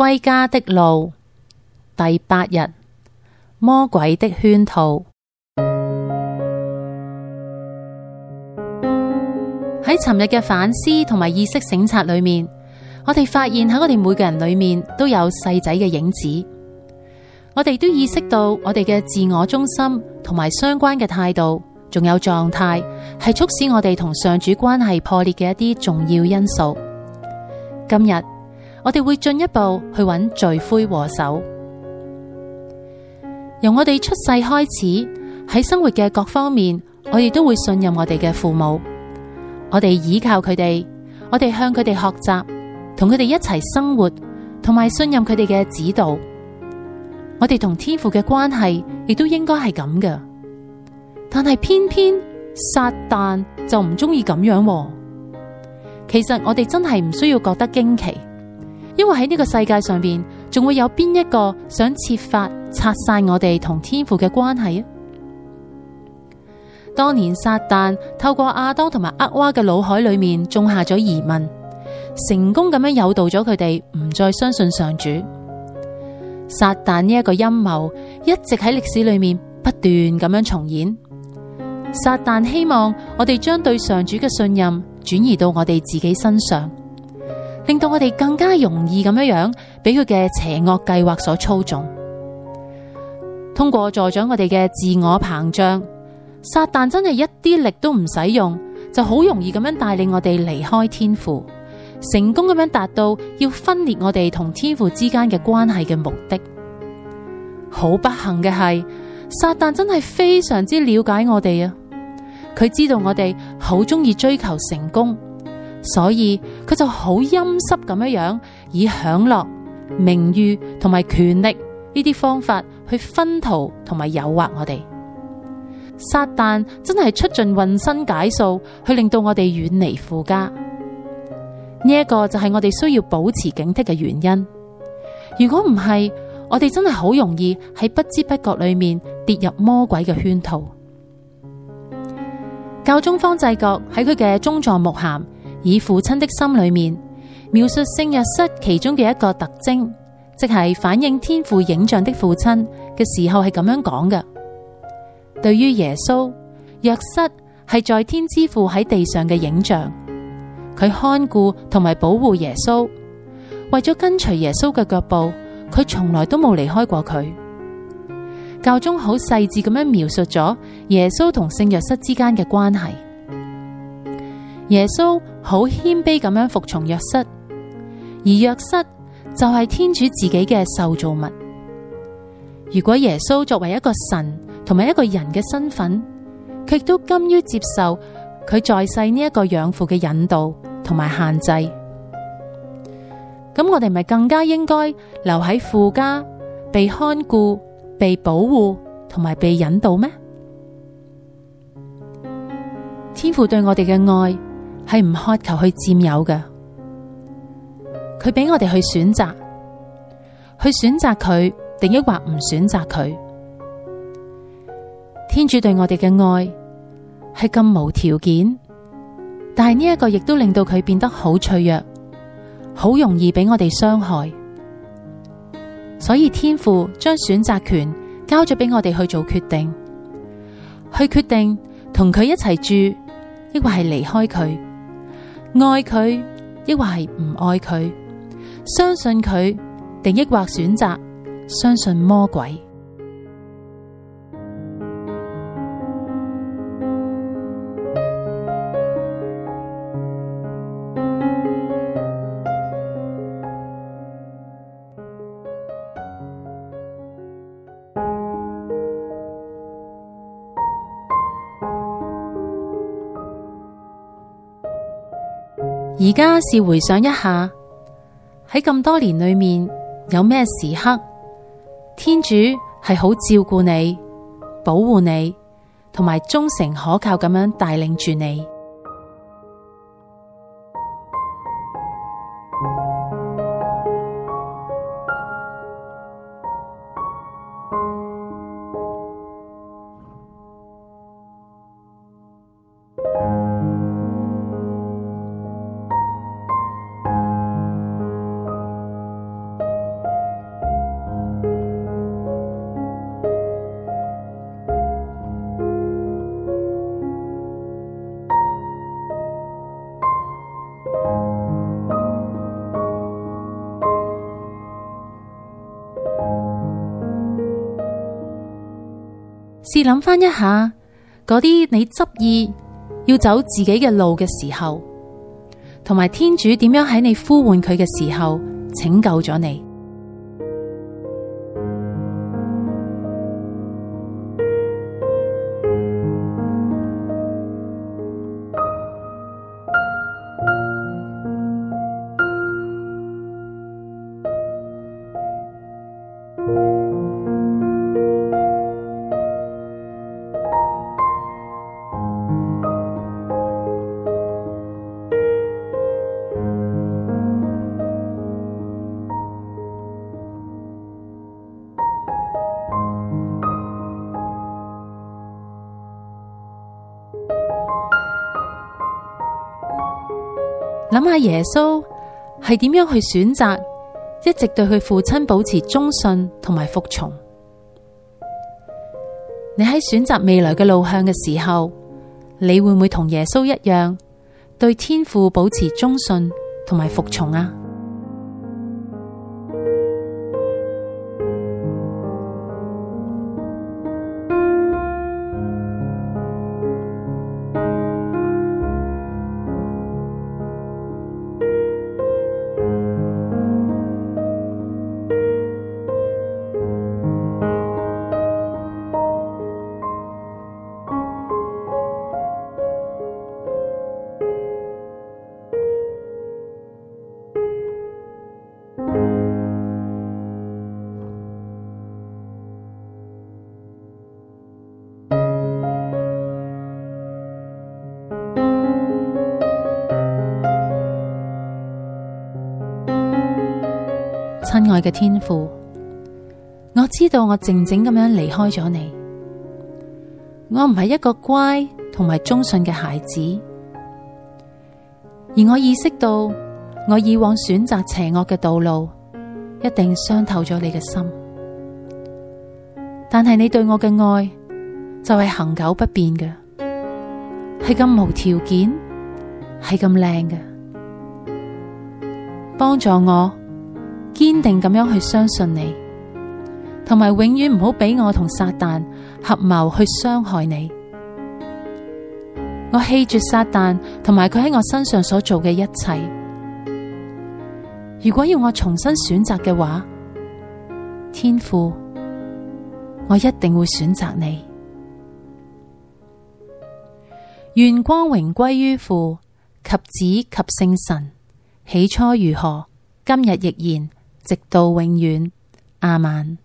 歸家的路，第八日，魔鬼的圈套。喺尋 日嘅反思同埋意識醒察裏面，我哋發現喺我哋每個人裏面都有細仔嘅影子。我哋都意識到我哋嘅自我中心同埋相關嘅態度，仲有狀態，係促使我哋同上主關係破裂嘅一啲重要因素。今日。我哋會進一步去揾罪魁禍首。由我哋出世開始，喺生活嘅各方面，我哋都會信任我哋嘅父母，我哋依靠佢哋，我哋向佢哋學習，同佢哋一齊生活，同埋信任佢哋嘅指導。我哋同天父嘅關係亦都應該係咁嘅，但係偏偏撒旦就唔中意咁樣。其實我哋真係唔需要覺得驚奇。因為喺呢個世界上邊，仲會有邊一個想設法拆散我哋同天父嘅關係啊？當年撒旦透過亞當同埋厄娃嘅腦海裏面種下咗疑問，成功咁樣誘導咗佢哋唔再相信上主。撒旦呢一個陰謀一直喺歷史裏面不斷咁樣重演。撒旦希望我哋將對上主嘅信任轉移到我哋自己身上。令到我哋更加容易咁樣樣，俾佢嘅邪惡計劃所操縱。通過助長我哋嘅自我膨脹，撒旦真係一啲力都唔使用，用，就好容易咁樣帶領我哋離開天父，成功咁樣達到要分裂我哋同天父之間嘅關係嘅目的。好不幸嘅係，撒旦真係非常之了解我哋啊！佢知道我哋好中意追求成功。所以佢就好陰濕咁樣樣，以享樂、名譽同埋權力呢啲方法去薰陶同埋誘惑我哋。撒旦真係出盡渾身解數去令到我哋遠離父家。呢、這、一個就係我哋需要保持警惕嘅原因。如果唔係，我哋真係好容易喺不知不覺裏面跌入魔鬼嘅圈套。教宗方濟各喺佢嘅宗座牧函，以父親的心裏面描述聖若瑟其中嘅一個特徵，即係反映天父影像的父親嘅時候係咁樣講嘅。對於耶穌，若瑟係在天之父喺地上嘅影像，佢看顧同埋保護耶穌，為咗跟隨耶穌嘅腳步，佢從來都冇離開過佢。教宗好細致咁樣描述咗耶穌同聖若瑟之間嘅關係。耶穌好謙卑咁樣服從若瑟，而若瑟就係天主自己嘅受造物。如果耶穌作為一個神同埋一個人嘅身份，佢都甘於接受佢在世呢一個養父嘅引導同埋限制。咁我哋咪更加應該留喺父家，被看顧、被保護同埋被引導咩？天父對我哋嘅愛係唔渴求去佔有嘅，佢俾我哋去選擇，去選擇佢，定抑或唔選擇佢。天主對我哋嘅愛係咁無條件，但係呢一個亦都令到佢變得好脆弱，好容易俾我哋傷害。所以天父將選擇權交咗俾我哋去做決定，去決定同佢一齊住，抑或係離開佢。愛佢，抑或係唔愛佢，相信佢，定抑或選擇相信魔鬼？而家試回想一下，喺咁多年裏面，有咩時刻，天主係好照顧你、保護你，同埋忠誠可靠咁樣帶領住你。試諗返一下，嗰啲你執意要走自己嘅路嘅時候，同埋天主點樣喺你呼喚佢嘅時候拯救咗你。諗下耶穌係點樣去選擇，一直對佢父親保持忠信同埋服從。你喺選擇未來嘅路向嘅時候，你會唔會同耶穌一樣，對天父保持忠信同埋服從啊？親愛嘅天父，我知道我靜靜咁樣離開咗你，我唔係一個乖同埋忠信嘅孩子，而我意識到我以往選擇邪惡嘅道路，一定傷透咗你嘅心。但係你對我嘅愛就係恒久不變嘅，係咁無條件，係咁靚嘅，幫助我。堅定咁樣去相信你，同埋永遠唔好俾我同撒旦合謀去傷害你。我棄絕撒旦，同埋佢喺我身上所做嘅一切。如果要我重新選擇嘅話，天父，我一定會選擇你。願光榮歸於父及子及聖神。起初如何，今日亦然。直到永遠，亞孟。